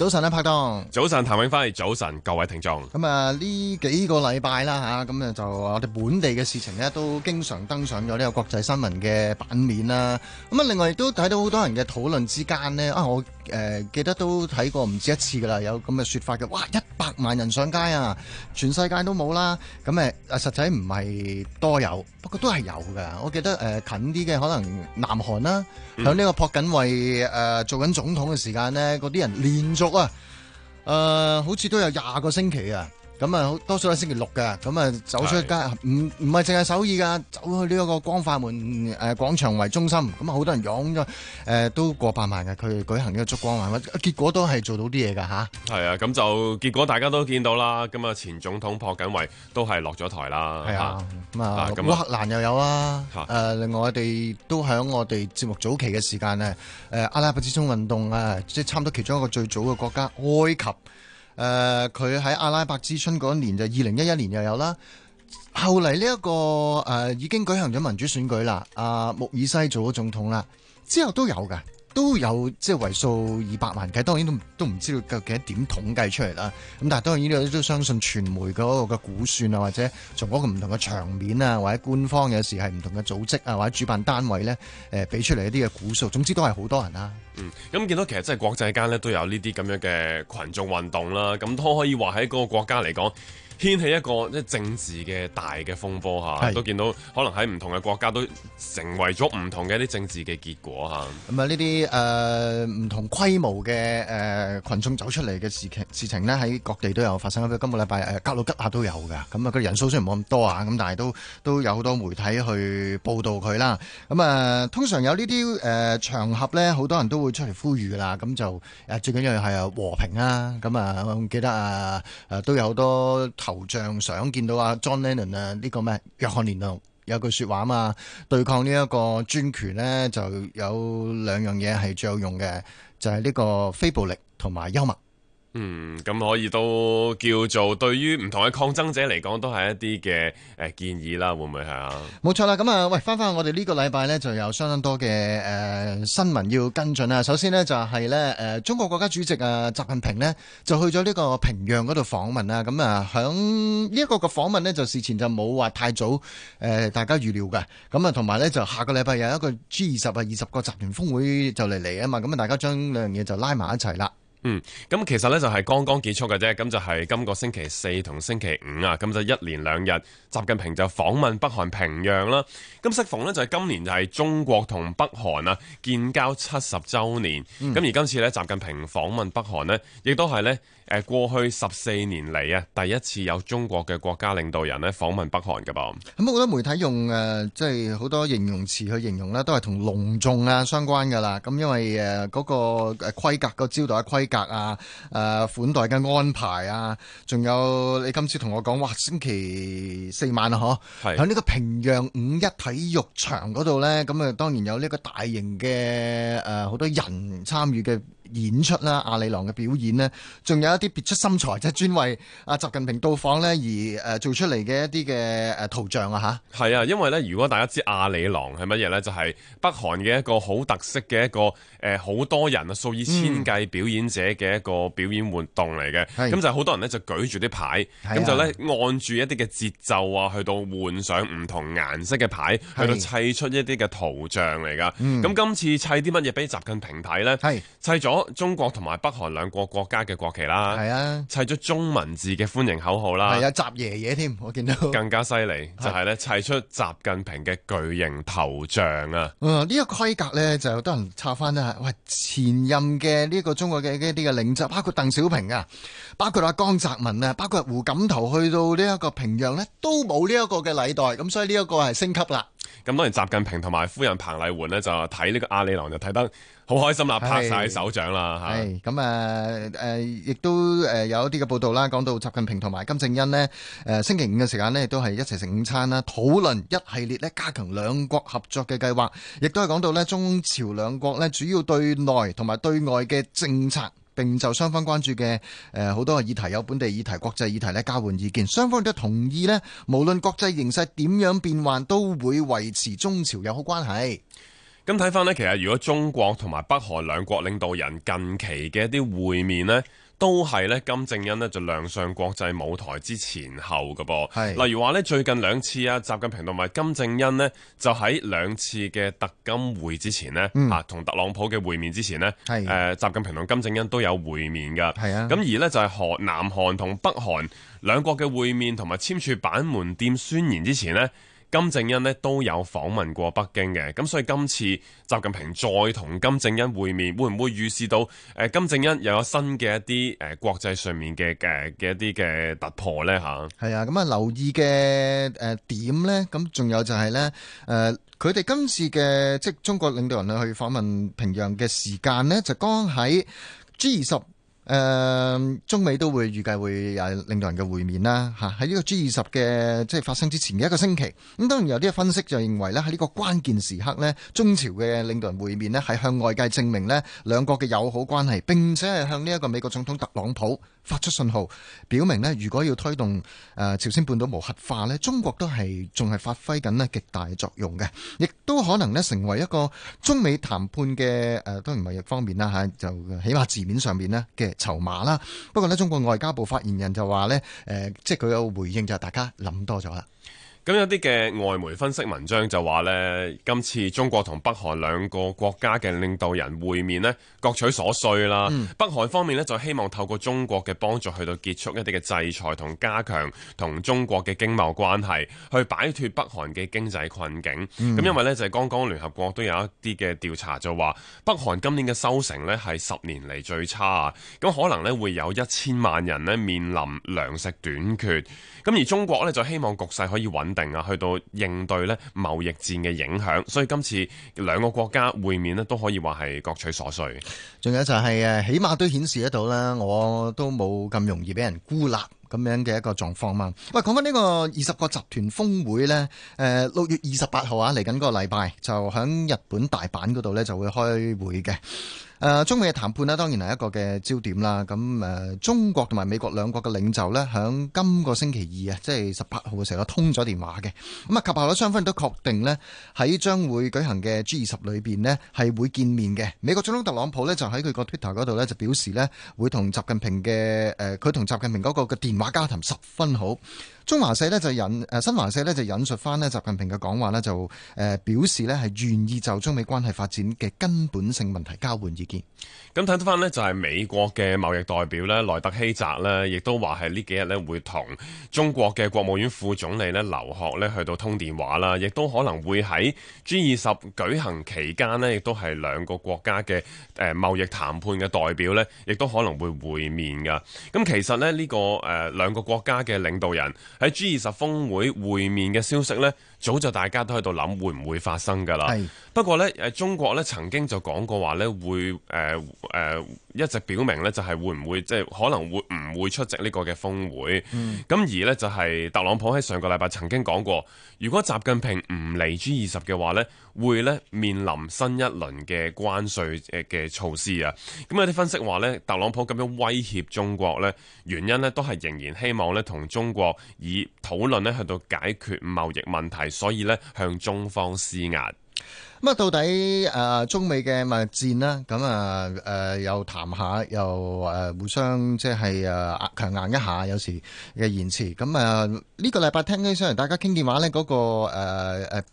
早晨啊，拍檔早！早晨，譚永輝，早晨，各位聽眾。咁啊，呢幾個禮拜啦嚇，咁啊就我哋本地嘅事情咧，都經常登上咗呢個國際新聞嘅版面啦。咁啊，另外亦都睇到好多人嘅討論之間咧啊，我。誒、呃、記得都睇過唔止一次噶啦，有咁嘅說法嘅，哇一百萬人上街啊，全世界都冇啦，咁咪，啊實際唔係多有，不過都係有噶。我記得、呃、近啲嘅可能南韓啦，響、嗯、呢個朴槿惠誒、呃、做緊總統嘅時間咧，嗰啲人連續啊誒、呃，好似都有廿個星期啊。咁啊，多數喺星期六㗎。咁啊走出街，唔唔係淨係首爾噶，走去呢一個光化門誒、呃、廣場為中心，咁啊好多人擁咗，誒、呃、都過百萬嘅，佢哋舉行呢個燭光晚會，結果都係做到啲嘢㗎。吓，係啊，咁就結果大家都見到啦，咁啊前總統朴槿惠都係落咗台啦。係啊，咁啊烏克蘭又有啊，誒、呃、另外我哋都喺我哋節目早期嘅時間呢，誒、呃、阿拉伯之春運動啊，即係差唔多其中一個最早嘅國家埃及。誒，佢喺阿拉伯之春嗰年，就二零一一年又有啦，後嚟呢一個誒、呃、已經舉行咗民主選舉啦，阿、呃、穆爾西做咗總統啦，之後都有㗎。都有即係、就是、為數二百萬計，當然都都唔知道究竟點統計出嚟啦。咁但係當然呢都都相信傳媒嗰個嘅估算啊，或者從嗰個唔同嘅場面啊，或者官方有時係唔同嘅組織啊，或者主辦單位咧，誒、欸、俾出嚟一啲嘅估數。總之都係好多人啦、啊。嗯，咁見到其實真係國際間咧都有呢啲咁樣嘅群眾運動啦，咁都可以話喺嗰個國家嚟講，掀起一個即係政治嘅大嘅風波嚇，都見到可能喺唔同嘅國家都成為咗唔同嘅一啲政治嘅結果嚇。咁啊呢啲誒唔同規模嘅誒、呃、群眾走出嚟嘅事情事情呢喺各地都有發生。今個禮拜誒格魯吉亞都有㗎，咁啊個人數雖然冇咁多啊，咁、嗯、但係都都有好多媒體去報道佢啦。咁、嗯、啊、呃、通常有呢啲誒場合咧，好多人都會出嚟呼籲啦。咁就誒、呃、最緊要係和平啦。咁啊、嗯、我記得啊誒、呃、都有好多。頭像上見到啊 John Lennon 啊呢個咩約翰列儂有句說話嘛，對抗呢一個專權咧就有兩樣嘢係最有用嘅，就係、是、呢個非暴力同埋幽默。嗯，咁可以都叫做對於唔同嘅抗爭者嚟講，都係一啲嘅誒建議啦，會唔會係啊？冇錯啦，咁啊，喂，翻翻，我哋呢個禮拜呢，就有相當多嘅誒、呃、新聞要跟進啦。首先呢，就係呢誒，中國國家主席啊呃、習近平呢，就去咗呢個平壤嗰度訪問啦。咁啊，響呢一個嘅訪問呢就事前就冇話太早誒、呃，大家預料嘅。咁啊，同埋呢，就下個禮拜有一個 G 二十啊二十國集團峰會就嚟嚟啊嘛。咁啊，大家將兩樣嘢就拉埋一齊啦。嗯，咁其實呢就係剛剛結束嘅啫，咁就係今個星期四同星期五啊，咁就一連兩日。習近平就訪問北韓平壤啦，咁適逢呢，就係、是、今年就係中國同北韓啊建交七十週年，咁、嗯、而今次呢，習近平訪問北韓呢，亦都係呢誒過去十四年嚟啊第一次有中國嘅國家領導人呢訪問北韓㗎噃。咁好多媒體用即係好多形容詞去形容呢，都係同隆重啊相關㗎啦。咁因為嗰、呃嗰個規格、嗰個招待嘅規格啊、呃，款待嘅安排啊，仲有你今次同我講，哇星期四萬啊！嗬，喺呢個平壤五一體育場嗰度咧，咁啊當然有呢個大型嘅誒好多人參與嘅。演出啦，阿里郎嘅表演咧，仲有一啲別出心裁，即係專為阿習近平到訪咧而誒做出嚟嘅一啲嘅誒圖像啊吓。係啊，因為咧，如果大家知道阿里郎係乜嘢咧，就係、是、北韓嘅一個好特色嘅一個誒好、呃、多人啊，數以千計表演者嘅一個表演活動嚟嘅。咁、嗯、就好多人咧就舉住啲牌，咁、啊、就咧按住一啲嘅節奏啊，去到換上唔同顏色嘅牌，去到砌出一啲嘅圖像嚟噶。咁、嗯、今次砌啲乜嘢俾習近平睇咧？係砌咗。中國同埋北韓兩個國家嘅國旗啦，係啊，砌咗中文字嘅歡迎口號啦，係有習爺爺添，我見到更加犀利就係咧砌出習近平嘅巨型頭像啊！嗯這個、規呢個規格咧就好多人插翻啦，喂，前任嘅呢個中國嘅呢啲嘅領袖，包括鄧小平啊，包括阿江澤民啊，包括胡錦濤，去到呢一個平壤呢、啊，都冇呢一個嘅禮待，咁所以呢一個係升級啦。咁當然，習近平同埋夫人彭麗媛呢，就睇呢個阿里郎就睇得好開心啦，拍晒手掌啦嚇。咁誒誒，亦都誒有啲嘅報道啦，講到習近平同埋金正恩呢，呃、星期五嘅時間呢都係一齊食午餐啦，討論一系列咧加強兩國合作嘅計劃，亦都係講到呢中朝兩國呢主要對內同埋對外嘅政策。並就雙方關注嘅誒好多議題，有本地議題、國際議題交換意見，雙方都同意呢，無論國際形勢點樣變幻，都會維持中朝友好關係。咁睇翻呢，其實如果中國同埋北韓兩國領導人近期嘅一啲會面呢都係咧，金正恩咧就亮相國際舞台之前後㗎噃，例如話咧最近兩次啊，習近平同埋金正恩呢就喺兩次嘅特金會之前呢，啊同特朗普嘅會面之前咧、呃，習近平同金正恩都有會面㗎。咁、啊、而呢就係南韓同北韓兩國嘅會面同埋簽署板門店宣言之前呢金正恩呢都有訪問過北京嘅，咁所以今次習近平再同金正恩會面，會唔會預示到、呃、金正恩又有新嘅一啲誒、呃、國際上面嘅嘅一啲嘅突破呢？嚇，係啊，咁、嗯、啊留意嘅誒、呃、點呢？咁仲有就係、是、呢，誒、呃，佢哋今次嘅即係中國領導人去訪問平壤嘅時間呢，就剛喺 G 二十。誒、嗯，中美都會預計會有領導人嘅會面啦，嚇喺呢個 G 二十嘅即係發生之前嘅一個星期，咁當然有啲分析就認為呢，喺呢個關鍵時刻，呢中朝嘅領導人會面呢係向外界證明呢兩國嘅友好關係，並且係向呢一個美國總統特朗普發出信號，表明如果要推動誒、朝鮮半島無核化，中國都係仲係發揮緊極大作用嘅，亦都可能成為一個中美談判嘅誒，當然唔係一方面啦吓，就起碼字面上面咧嘅籌碼啦。不過中國外交部發言人就話咧，誒，即係佢有回應就係大家諗多咗啦。咁有啲嘅外媒分析文章就話咧，今次中國同北韓兩個國家嘅領導人會面咧，各取所需啦。嗯、北韓方面咧就希望透過中國嘅幫助去到結束一啲嘅制裁同加強同中國嘅經貿關係，去擺脫北韓嘅經濟困境。咁、嗯、因為咧就係剛剛聯合國都有一啲嘅調查就話，北韓今年嘅收成咧係十年嚟最差啊，咁可能咧會有一千萬人咧面臨糧食短缺。咁而中國咧就希望局勢可以穩定。去到應對呢，貿易戰嘅影響，所以今次兩個國家會面咧都可以話係各取所需。仲有就係誒，起碼都顯示得到啦，我都冇咁容易俾人孤立。咁樣嘅一個狀況嘛，喂，講返呢個二十國集團峰會呢，誒六月二十八號啊，嚟緊個禮拜就響日本大阪嗰度呢，就會開會嘅。誒中美嘅談判呢，當然係一個嘅焦點啦。咁誒中國同埋美國兩國嘅領袖呢，響今個星期二啊，即係十八號嘅時候通咗電話嘅。咁啊，及後咧雙方都確定呢，喺將會舉行嘅 G 二十裏面呢，係會見面嘅。美國總統特朗普呢，就喺佢個 Twitter 嗰度呢，就表示呢，會同習近平嘅誒佢同習近平嗰個嘅電。馬家騰十分好。中華社咧就引誒新華社咧就引述翻咧習近平嘅講話咧就誒、呃、表示咧係願意就中美關係發展嘅根本性問題交換意見。咁睇得翻咧就係美國嘅貿易代表咧萊特希澤咧，亦都話係呢幾日咧會同中國嘅國務院副總理咧劉鶴咧去到通電話啦，亦都可能會喺 G 二十舉行期間咧，亦都係兩個國家嘅誒、呃、貿易談判嘅代表咧，亦都可能會會面噶。咁其實咧呢、呢個誒、呃、兩個國家嘅領導人喺 G 二十峰會會面嘅消息呢。早就大家都喺度諗會唔會發生噶啦。不過咧，誒，中國咧曾經就講過話咧，會誒誒、呃呃、一直表明咧就係、是、會唔會即係、就是、可能會唔會出席呢個嘅峯會。咁、嗯、而咧就係、是、特朗普喺上個禮拜曾經講過，如果習近平唔嚟 G 二十嘅話咧，會咧面臨新一輪嘅關稅誒嘅措施啊。咁有啲分析話咧，特朗普咁樣威脅中國咧，原因咧都係仍然希望咧同中國以討論咧去到解決貿易問題。所以咧，向中方施壓。咁啊，到底誒中美嘅貿易戰啦，咁啊誒，有、啊、談下，又誒、啊、互相即係誒強硬一下，有時嘅言辭。咁啊呢、這個禮拜聽起上嚟，大家傾電話呢嗰、那個誒誒，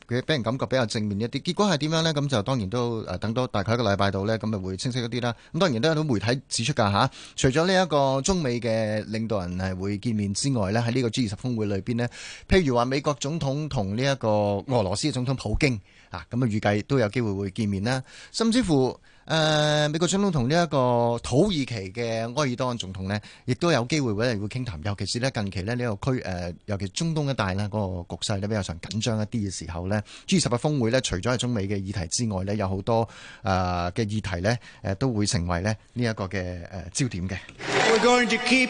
俾、啊啊、人感覺比較正面一啲。結果係點樣呢？咁就當然都誒，等到大概一個禮拜度呢，咁咪會清晰一啲啦。咁、啊、當然都有到媒體指出噶吓、啊，除咗呢一個中美嘅領導人係會見面之外呢，喺呢個 G 二十峰會裏邊呢，譬如話美國總統同呢一個俄羅斯嘅總統普京。啊，咁啊預計都有機會會見面啦，甚至乎、呃、美國總統同呢一個土耳其嘅埃爾多安總統呢，亦都有機會會會傾談。尤其是咧近期咧呢個區誒、呃，尤其中東一帶呢嗰、那個局勢呢，比較上緊張一啲嘅時候呢，G 二十嘅峰會呢，除咗係中美嘅議題之外呢，有好多嘅、呃、議題呢都會成為呢一個嘅、呃、焦點嘅。We're going to keep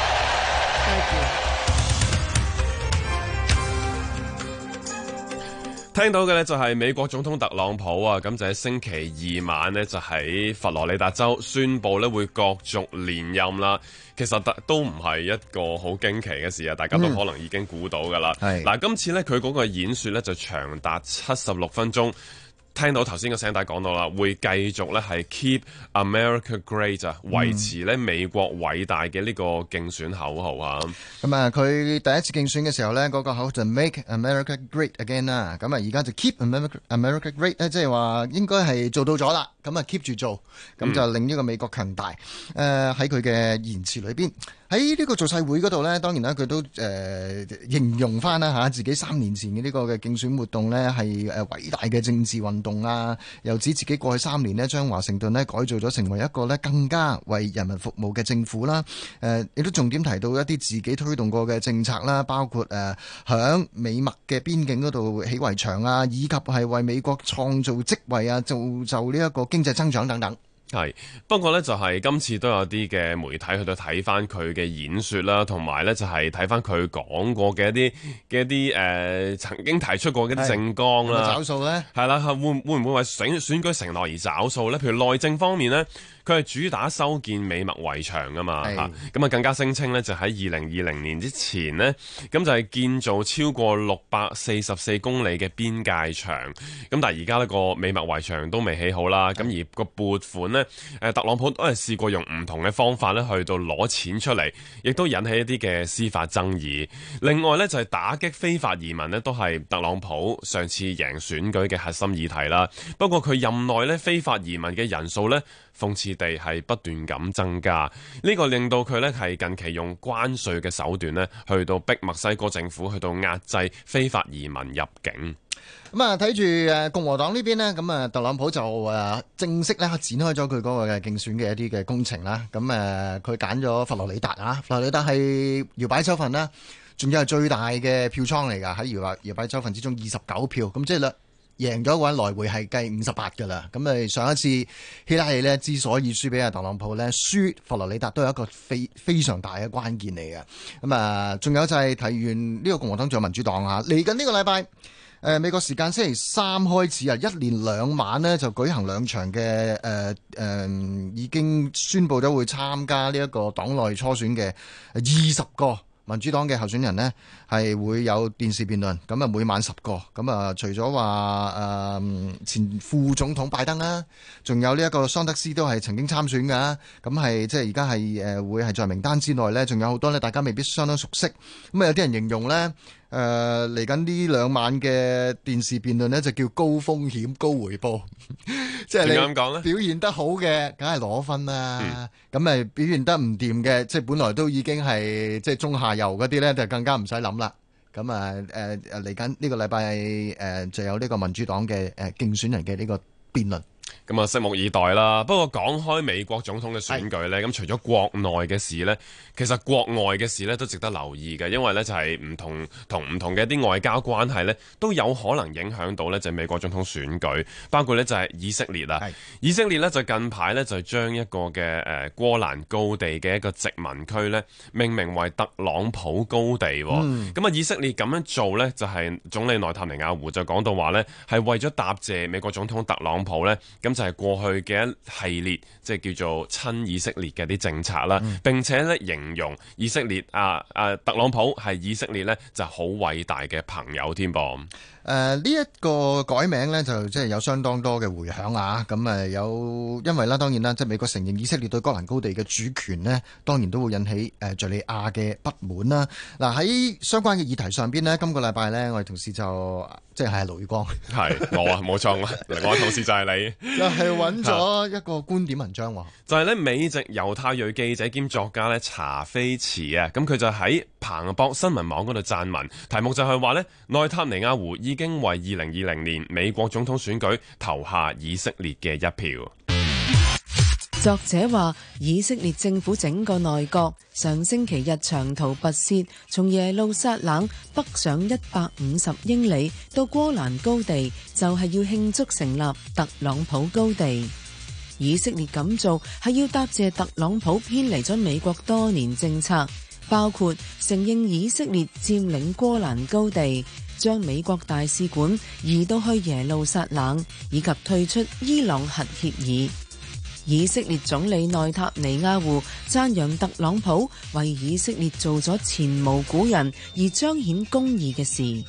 聽到嘅呢就係美國總統特朗普啊，咁就喺星期二晚呢，就喺佛羅里達州宣布呢會角逐連任啦。其實都唔係一個好驚奇嘅事啊，大家都可能已經估到噶啦。嗱、嗯，今次呢，佢嗰個演說呢就長達七十六分鐘。聽到頭先個聲帶講到啦，會繼續咧係 keep America great 啊，維持咧美國偉大嘅呢個競選口號啊。咁、嗯、啊，佢第一次競選嘅時候咧，嗰、那個口號就 make America great again 啦。咁啊，而家就 keep America great，即係話應該係做到咗啦。咁啊，keep 住做，咁就令呢個美國強大。誒，喺佢嘅言辭裏邊，喺呢個造勢會嗰度咧，當然啦，佢都誒形容翻啦嚇，自己三年前嘅呢個嘅競選活動咧係誒偉大嘅政治運動。動啊！又指自己過去三年咧，將華盛頓咧改造咗成為一個咧更加為人民服務嘅政府啦。誒，亦都重點提到一啲自己推動過嘅政策啦，包括誒響美墨嘅邊境嗰度起圍牆啊，以及係為美國創造職位啊，造就就呢一個經濟增長等等。係，不過咧就係、是、今次都有啲嘅媒體去到睇翻佢嘅演說啦，同埋咧就係睇翻佢講過嘅一啲嘅一啲誒、呃、曾經提出過嘅啲政綱啦。有冇找數咧？係啦，會會唔會為選選舉承諾而找數咧？譬如內政方面咧。佢係主打修建美墨圍牆噶嘛嚇，咁啊更加聲稱在2020，呢，就喺二零二零年之前呢，咁就係建造超過六百四十四公里嘅邊界牆。咁但係而家呢個美墨圍牆都未起好啦。咁而那個撥款呢，誒特朗普都係試過用唔同嘅方法呢去到攞錢出嚟，亦都引起一啲嘅司法爭議。另外呢，就係打擊非法移民呢，都係特朗普上次贏選舉嘅核心議題啦。不過佢任內呢，非法移民嘅人數呢，諷刺。地係不斷咁增加，呢個令到佢呢係近期用關稅嘅手段呢去到逼墨西哥政府去到壓制非法移民入境。咁啊，睇住誒共和黨呢邊呢，咁啊特朗普就誒正式咧展開咗佢嗰個嘅競選嘅一啲嘅工程啦。咁誒，佢揀咗佛羅里達啊，佛羅里達係搖擺州份啦，仲有係最大嘅票倉嚟噶喺搖啊搖擺州份之中二十九票，咁即係贏咗嘅話，來回係計五十八噶啦。咁誒，上一次希拉里咧之所以輸俾阿特朗普咧，輸佛羅里達都係一個非非常大嘅關鍵嚟嘅。咁、嗯、啊，仲有就係提完呢個共和黨仲有民主黨啊。嚟緊呢個禮拜、呃，美國時間星期三開始啊，一連兩晚呢就舉行兩場嘅誒誒，已經宣佈咗會參加呢一個黨內初選嘅二十個民主黨嘅候選人呢，係會有電視辯論，咁啊每晚十個，咁啊除咗話誒前副總統拜登啦，仲有呢一個桑德斯都係曾經參選㗎，咁係即係而家係誒會係在名單之內呢，仲有好多呢，大家未必相當熟悉，咁啊有啲人形容呢。誒、呃，嚟緊呢兩晚嘅電視辯論呢，就叫高風險高回報，即 係你咁講咧，表現得好嘅，梗係攞分啦，啊。咁，嗯、咪表現得唔掂嘅，即係本來都已經係即係中下游嗰啲咧，就更加唔使諗啦。咁啊，誒、呃、誒，嚟緊呢個禮拜誒，就有呢個民主黨嘅誒競選人嘅呢個辯論。咁啊，拭目以待啦。不過講開美國總統嘅選舉呢，咁除咗國內嘅事呢，其實國外嘅事呢都值得留意嘅，因為呢就係唔同同唔同嘅一啲外交關係呢都有可能影響到呢就美國總統選舉，包括呢就係以色列啊。以色列呢就近排呢就將一個嘅誒戈蘭高地嘅一個殖民區呢命名為特朗普高地。咁、嗯、啊，以色列咁樣做呢，就係、是、總理內塔尼亞胡就講到話呢係為咗答謝美國總統特朗普呢。咁就係過去嘅一系列即係、就是、叫做親以色列嘅啲政策啦，並且咧形容以色列啊，啊特朗普係以色列呢就好偉大嘅朋友添噃。誒、呃，呢、這、一個改名呢，就即係有相當多嘅回響啊！咁、嗯、誒，有因為啦，當然啦，即係美國承認以色列對戈蘭高地嘅主權呢，當然都會引起誒、呃、敘利亞嘅不滿啦。嗱、啊，喺相關嘅議題上邊呢，今個禮拜呢，我哋同事就即係係盧宇光，係我啊，冇錯我同事就係你，又係揾咗一個觀點文章，啊、就係呢，美籍猶太裔記者兼作家呢，查菲茨啊，咁佢就喺彭博新聞網嗰度撰文，題目就係話呢，內塔尼亞胡已經為二零二零年美國總統選舉投下以色列嘅一票。作者話，以色列政府整個內閣上星期日長途跋涉，從耶路撒冷北上一百五十英里到戈蘭高地，就係要慶祝成立特朗普高地。以色列咁做係要答謝特朗普偏離咗美國多年政策，包括承認以色列佔領戈蘭高地。將美國大使館移到去耶路撒冷，以及退出伊朗核協議。以色列總理內塔尼亞胡讚揚特朗普為以色列做咗前無古人而彰顯公義嘅事。呢、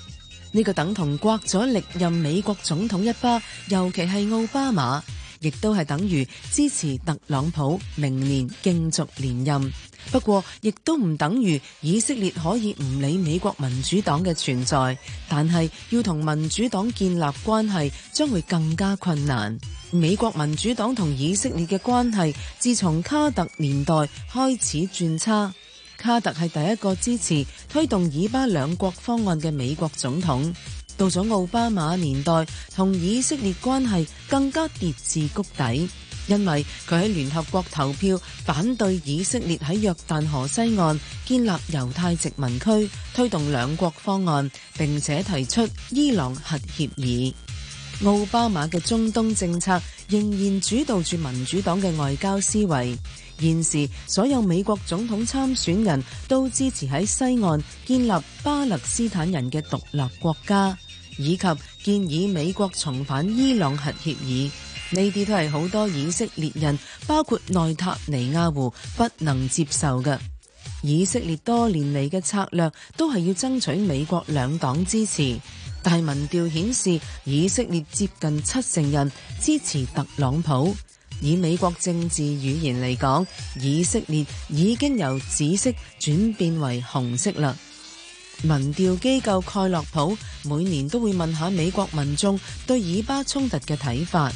這個等同颳咗歷任美國總統一巴，尤其係奧巴馬，亦都係等於支持特朗普明年競逐連任。不過，亦都唔等於以色列可以唔理美國民主黨嘅存在，但係要同民主黨建立關係，將會更加困難。美國民主黨同以色列嘅關係，自從卡特年代開始轉差。卡特係第一個支持推動以巴兩國方案嘅美國總統，到咗奧巴馬年代，同以色列關係更加跌至谷底。因為佢喺聯合國投票反對以色列喺約旦河西岸建立猶太殖民區，推動兩國方案，並且提出伊朗核協議。奧巴馬嘅中東政策仍然主導住民主黨嘅外交思維。現時所有美國總統參選人都支持喺西岸建立巴勒斯坦人嘅獨立國家，以及建議美國重返伊朗核協議。呢啲都係好多以色列人，包括內塔尼亞胡不能接受嘅。以色列多年嚟嘅策略都係要爭取美國兩黨支持，但民調顯示以色列接近七成人支持特朗普。以美國政治語言嚟講，以色列已經由紫色轉變為紅色啦。民調機構蓋洛普每年都會問下美國民眾對以巴衝突嘅睇法。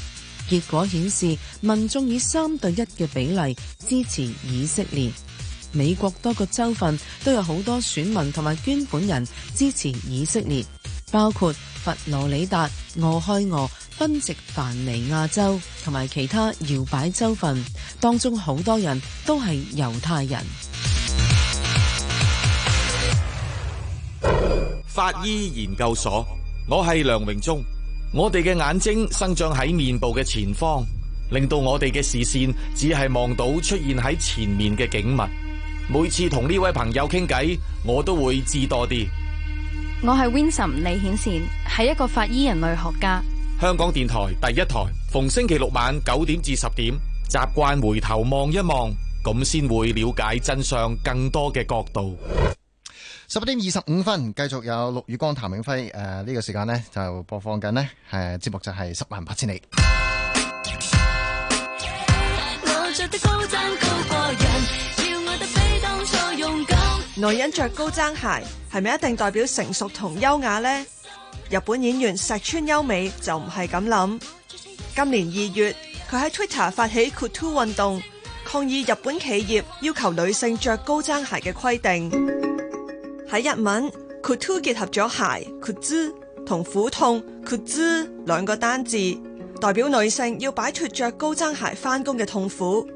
結果顯示，民眾以三對一嘅比例支持以色列。美國多個州份都有好多選民同埋捐款人支持以色列，包括佛羅里達、俄亥俄、賓夕凡尼亞州同埋其他搖擺州份，當中好多人都係猶太人。法醫研究所，我係梁榮忠。我哋嘅眼睛生長喺面部嘅前方，令到我哋嘅視線只係望到出現喺前面嘅景物。每次同呢位朋友傾偈，我都會知多啲。我係 Winsome 李衍蒨，係一個法醫人類學家。香港電台第一台，逢星期六晚九點至十點，習慣回頭望一望，咁先會了解真相更多嘅角度。十點二十五分，繼續有陸宇光、譚永輝。誒、呃，呢、這個時間呢，就播放緊呢誒節目就係《十萬八千里》。女人着高踭鞋係咪一定代表成熟同優雅呢？日本演員石川優美就唔係咁諗。今年二月，佢喺 Twitter 發起 #KuToo 運動，抗議日本企業要求女性着高踭鞋嘅規定。喺日文，KuToo 結合咗鞋，括之同苦痛，括之兩個單字，代表女性要擺脫着高踭鞋返工嘅痛苦。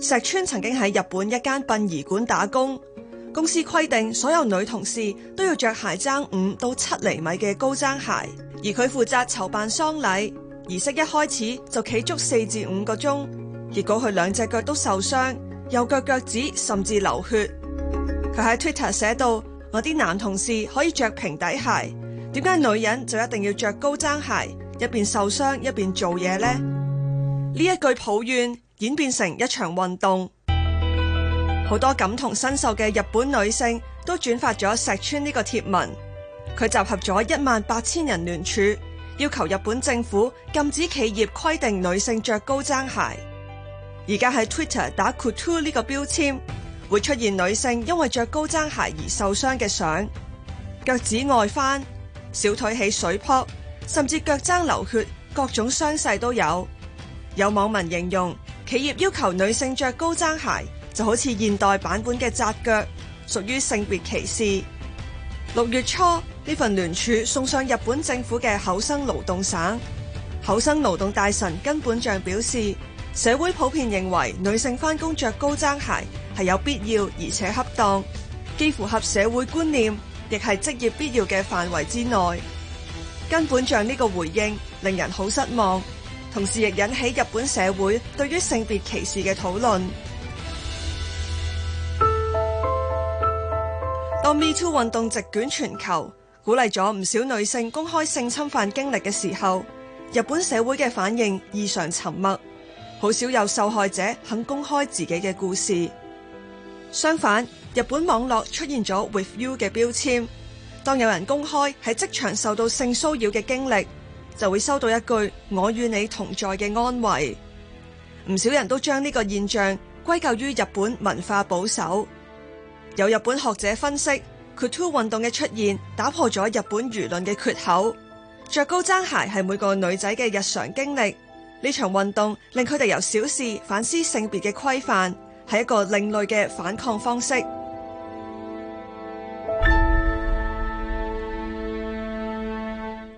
石川曾經喺日本一間殯儀館打工，公司規定所有女同事都要着鞋踭五到七厘米嘅高踭鞋，而佢負責籌辦喪禮，儀式一開始就企足四至五個鐘，結果佢兩隻腳都受傷，右腳腳趾甚至流血。佢喺 Twitter 寫到，有啲男同事可以着平底鞋，點解女人就一定要着高踭鞋，一邊受傷一邊做嘢呢？呢一句抱怨演變成一場運動，好多感同身受嘅日本女性都轉發咗石川呢個貼文，佢集合咗一萬八千人聯署，要求日本政府禁止企業規定女性着高踭鞋。而家喺 Twitter 打 KuToo 呢個標籤，會出現女性因為着高踭鞋而受傷嘅相，腳趾外翻、小腿起水泡，甚至腳踭流血，各種傷勢都有。有網民形容，企業要求女性着高踭鞋就好似現代版本嘅紮腳，屬於性別歧視。六月初，呢份聯署送上日本政府嘅厚生勞動省，厚生勞動大臣根本像表示，社會普遍認為女性返工着高踭鞋係有必要而且恰當，既符合社會觀念，亦係職業必要嘅範圍之內。根本像呢個回應令人好失望，同時亦引起日本社會對於性別歧視嘅討論。當 Me Too 運動席捲全球，鼓勵咗唔少女性公開性侵犯經歷嘅時候，日本社會嘅反應異常沉默，好少有受害者肯公開自己嘅故事。相反，日本網絡出現咗 With You 嘅標籤，當有人公開喺職場受到性騷擾嘅經歷，就會收到一句我與你同在嘅安慰。唔少人都將呢個現象歸咎於日本文化保守。有日本學者分析，#KuToo 運動嘅出現打破咗日本輿論嘅缺口。着高踭鞋係每個女仔嘅日常經歷，呢場運動令佢哋由小事反思性別嘅規範係一個另類嘅反抗方式。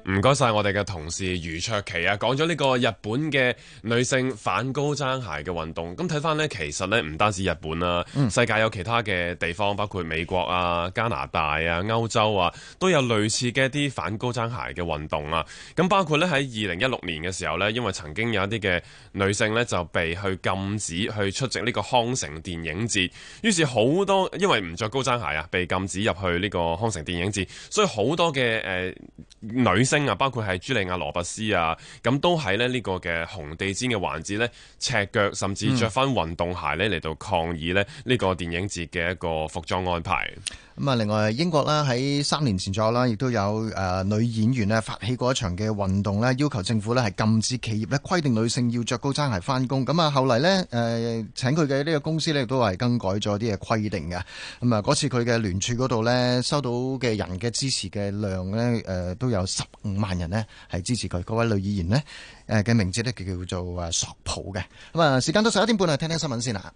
唔該晒我哋嘅同事余卓祈啊，講咗呢個日本嘅女性反高踭鞋嘅運動。咁睇翻呢，其實呢，唔單止日本啊，世界有其他嘅地方，包括美國啊、加拿大啊、歐洲啊，都有類似嘅一啲反高踭鞋嘅運動啊。咁包括呢，喺二零一六年嘅時候呢，因為曾經有一啲嘅女性呢，就被去禁止去出席呢個康城電影節，於是好多因為唔着高踭鞋啊，被禁止入去呢個康城電影節，所以好多嘅誒。呃女星啊，包括係朱莉亞羅拔斯啊，咁都喺咧呢個嘅紅地毯嘅環節呢赤腳，甚至着翻運動鞋呢嚟到抗議咧呢個電影節嘅一個服裝安排。咁、嗯、啊，另外英國啦，喺三年前左右啦，亦都有誒、呃、女演員呢發起過一場嘅運動呢，要求政府呢係禁止企業呢規定女性要着高踭鞋翻工。咁啊，後嚟呢，誒、呃、請佢嘅呢個公司呢，亦都係更改咗啲嘅規定嘅。咁啊，嗰次佢嘅聯署嗰度呢，收到嘅人嘅支持嘅量呢。誒、呃、都。都有十五萬人呢，係支持佢，嗰位女議員呢，誒嘅名字呢，就叫做誒索普嘅。咁啊，時間到十一點半啦，聽聽新聞先啦。